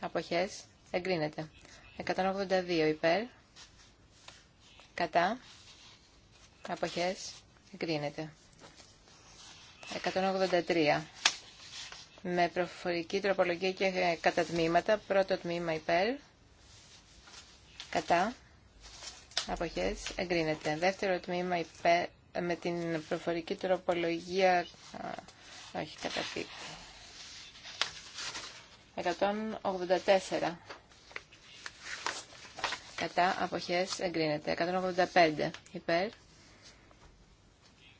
αποχές εγκρίνεται. 182 υπέρ, κατά, αποχές εγκρίνεται. 183 με προφορική τροπολογία και κατά τμήματα. Πρώτο τμήμα υπέρ, κατά, αποχές εγκρίνεται. Δεύτερο τμήμα υπέρ, με την προφορική τροπολογία, όχι καταπίπτει. 184 κατά αποχές εγκρίνεται 185 υπέρ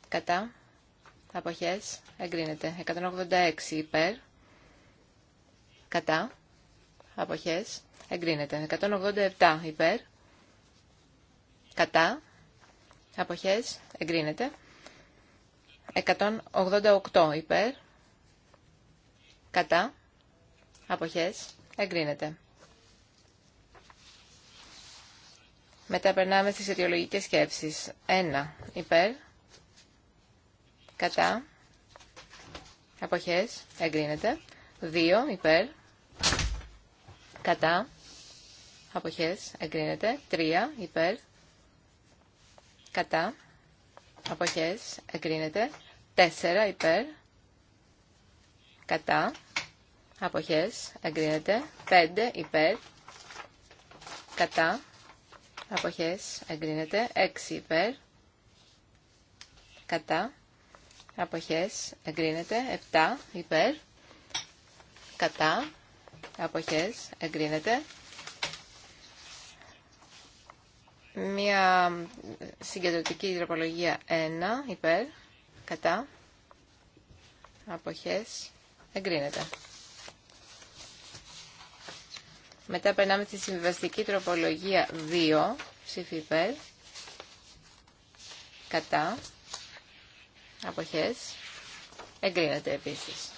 κατά αποχές εγκρίνεται 186 υπέρ κατά αποχές εγκρίνεται 187 υπέρ κατά αποχές εγκρίνεται 188 υπέρ κατά Αποχές. Εγκρίνεται. Μετά περνάμε στις αιτιολογικές σκέψεις. 1. Υπέρ. Κατά. Αποχές. Εγκρίνεται. 2. Υπέρ. Κατά. Αποχές. Εγκρίνεται. 3. Υπέρ. Κατά. Αποχές. Εγκρίνεται. 4. Υπέρ. Κατά. Αποχές. Εγκρίνεται. 5 υπέρ. Κατά. Αποχές. Εγκρίνεται. 6 υπέρ. Κατά. Αποχές. Εγκρίνεται. 7 υπέρ. Κατά. Αποχές. Εγκρίνεται. Μία συγκεντρωτική υδροπολογία 1 υπέρ. Κατά. Αποχές. Εγκρίνεται. Μετά περνάμε στη συμβιβαστική τροπολογία 2, ψήφι υπέρ, κατά, αποχές, εγκρίνεται επίσης.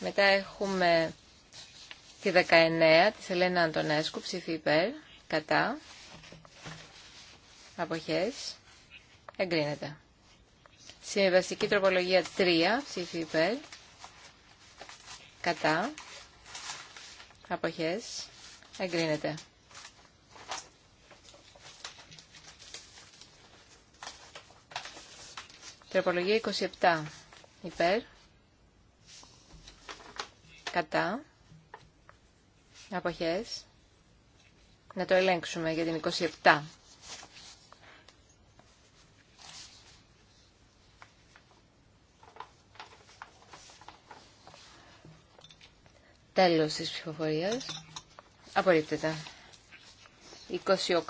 Μετά έχουμε τη 19 της Ελένα Αντωνέσκου, ψήφι υπέρ, κατά, αποχές, εγκρίνεται. Συμβιβαστική τροπολογία 3, ψήφι υπέρ, κατά, Αποχές. Εγκρίνεται. Τροπολογία 27. Υπέρ. Κατά. Αποχές. Να το ελέγξουμε για την 27. Τέλος της ψηφοφορίας. Απορρίπτεται. 28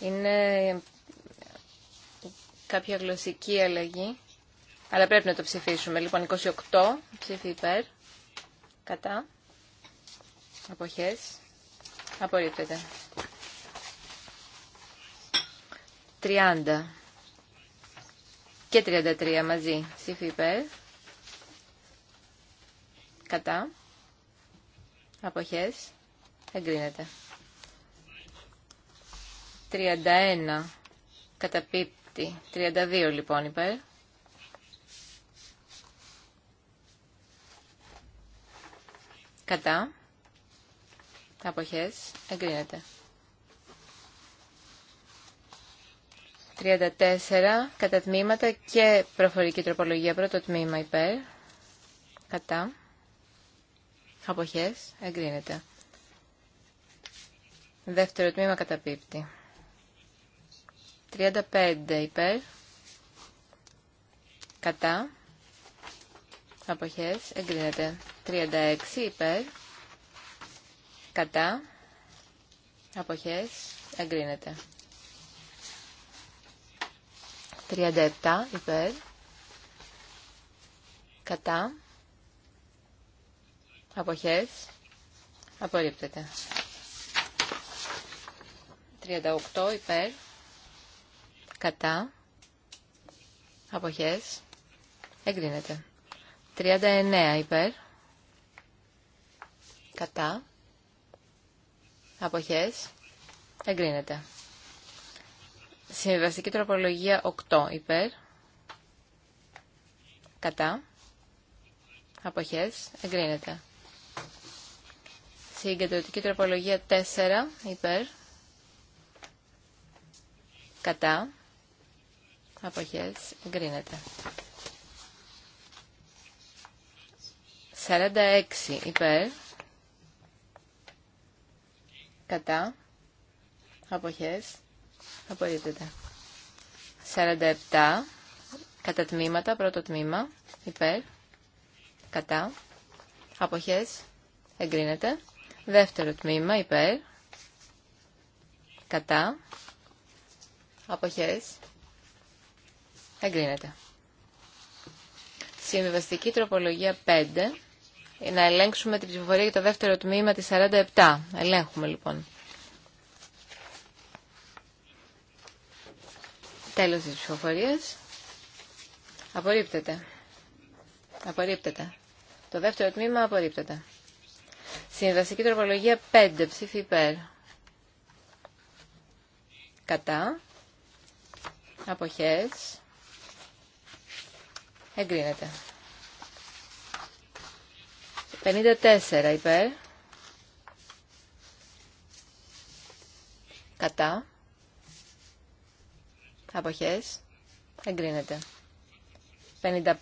είναι κάποια γλωσσική αλλαγή, αλλά πρέπει να το ψηφίσουμε. Λοιπόν, 28 ψήφι υπέρ, κατά, αποχές, απορρίπτεται. 30 και 33 μαζί ψήφι υπέρ, Κατά. Αποχές. Εγκρίνεται. 31. Καταπίπτει. 32 λοιπόν υπέρ. Κατά. Αποχές. Εγκρίνεται. 34. Κατά τμήματα και προφορική τροπολογία. Πρώτο τμήμα υπέρ. Κατά. Αποχές. Εγκρίνεται. Δεύτερο τμήμα καταπίπτει. 35 υπέρ. Κατά. Αποχές. Εγκρίνεται. 36 υπέρ. Κατά. Αποχές. Εγκρίνεται. 37 υπέρ. Κατά. Αποχές. Απορρίπτεται. 38 υπέρ. Κατά. Αποχές. Εγκρίνεται. 39 υπέρ. Κατά. Αποχές. Εγκρίνεται. Συμβιβαστική τροπολογία 8 υπέρ. Κατά. Αποχές. Εγκρίνεται. Συγκεντρωτική τροπολογία 4 υπέρ. Κατά. Αποχές. Εγκρίνεται. 46 υπέρ. Κατά. Αποχές. Απορρίπτεται. 47 κατά τμήματα. Πρώτο τμήμα. Υπέρ. Κατά. Αποχές. Εγκρίνεται. Δεύτερο τμήμα υπέρ. Κατά. Αποχές. Εγκρίνεται. Συμβιβαστική τροπολογία 5. Να ελέγξουμε την ψηφοφορία για το δεύτερο τμήμα τη 47. Ελέγχουμε λοιπόν. Τέλος της ψηφοφορίας. Απορρίπτεται. Απορρίπτεται. Το δεύτερο τμήμα απορρίπτεται. Συμβαστική τροπολογία 5. Ψήφι υπέρ. Κατά. Αποχές. Εγκρίνεται. 54 υπέρ. Κατά. Αποχές. Εγκρίνεται. 55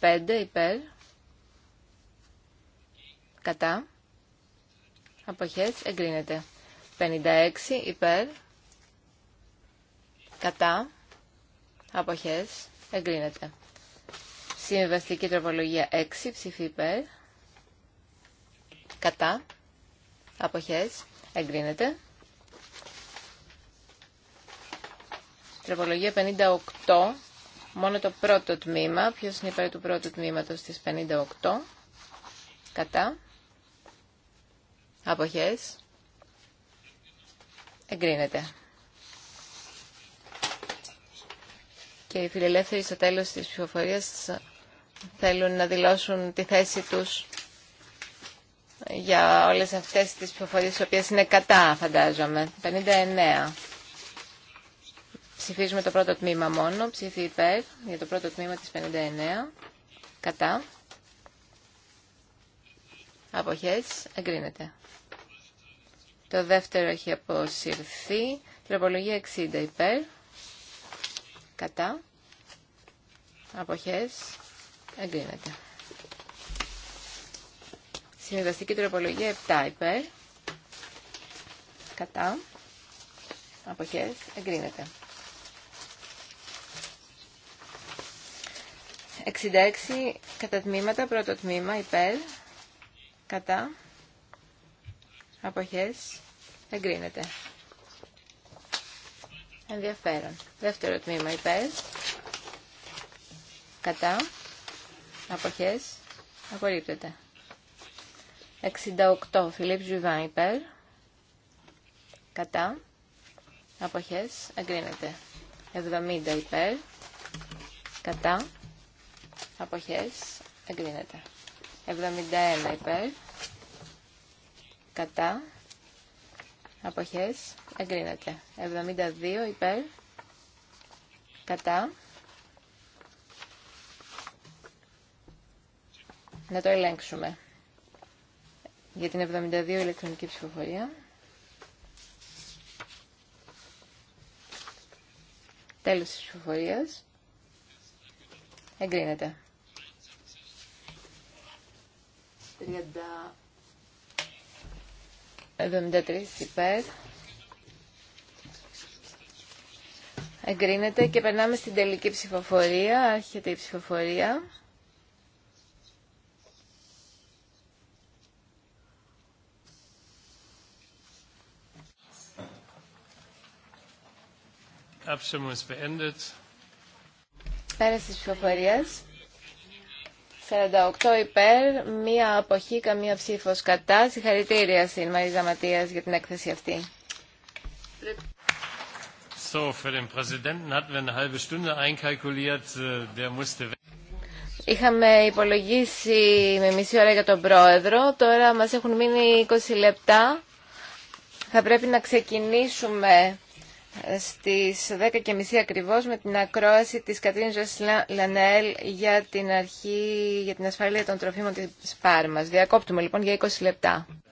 υπέρ. Κατά αποχές εγκρίνεται. 56 υπέρ, κατά, αποχές εγκρίνεται. Συμβαστική τροπολογία 6 ψηφί υπέρ, κατά, αποχές εγκρίνεται. Τροπολογία 58, μόνο το πρώτο τμήμα. Ποιος είναι υπέρ του πρώτου τμήματος της 58, κατά, Αποχές. Εγκρίνεται. Και οι φιλελεύθεροι στο τέλος της ψηφοφορίας θέλουν να δηλώσουν τη θέση τους για όλες αυτές τις ψηφοφορίες, οι οποίες είναι κατά, φαντάζομαι. 59. Ψηφίζουμε το πρώτο τμήμα μόνο, ψήφι υπέρ, για το πρώτο τμήμα της 59. Κατά. Αποχές, εγκρίνεται. Το δεύτερο έχει αποσυρθεί. Τροπολογία 60 υπέρ. Κατά. Αποχές. Εγκρίνεται. Συμβιβαστική τροπολογία 7 υπέρ. Κατά. Αποχές. Εγκρίνεται. 66 κατά τμήματα. Πρώτο τμήμα υπέρ. Κατά. Αποχές. Εγκρίνεται. Ενδιαφέρον. Δεύτερο τμήμα υπέρ. Κατά. Αποχές. Απορρίπτεται. 68. Φιλίπ Ζουβά υπέρ. Κατά. Αποχές. Εγκρίνεται. 70 υπέρ. Κατά. Αποχές. Εγκρίνεται. 71 υπέρ κατά, αποχές, εγκρίνεται. 72 υπέρ, κατά. Να το ελέγξουμε. Για την 72 ηλεκτρονική ψηφοφορία. Τέλος της ψηφοφορίας. Εγκρίνεται. 30... Εγκρίνεται και περνάμε στην τελική ψηφοφορία. Άρχεται η ψηφοφορία. Πέραση τη ψηφοφορίας. 48 υπέρ, μία αποχή, καμία ψήφο κατά. Συγχαρητήρια στην Μαρίζα Ματίας για την έκθεση αυτή. So, für den Präsidenten hatten wir eine halbe Stunde einkalkuliert, äh, der musste Είχαμε υπολογίσει με μισή ώρα για τον πρόεδρο, τώρα μας έχουν μείνει 20 λεπτά. Θα πρέπει να ξεκινήσουμε στις 10.30 ακριβώς με την ακρόαση της Κατρίνης Ζεσλα Λανέλ για την αρχή για την ασφάλεια των τροφίμων της Πάρμας. Διακόπτουμε λοιπόν για 20 λεπτά.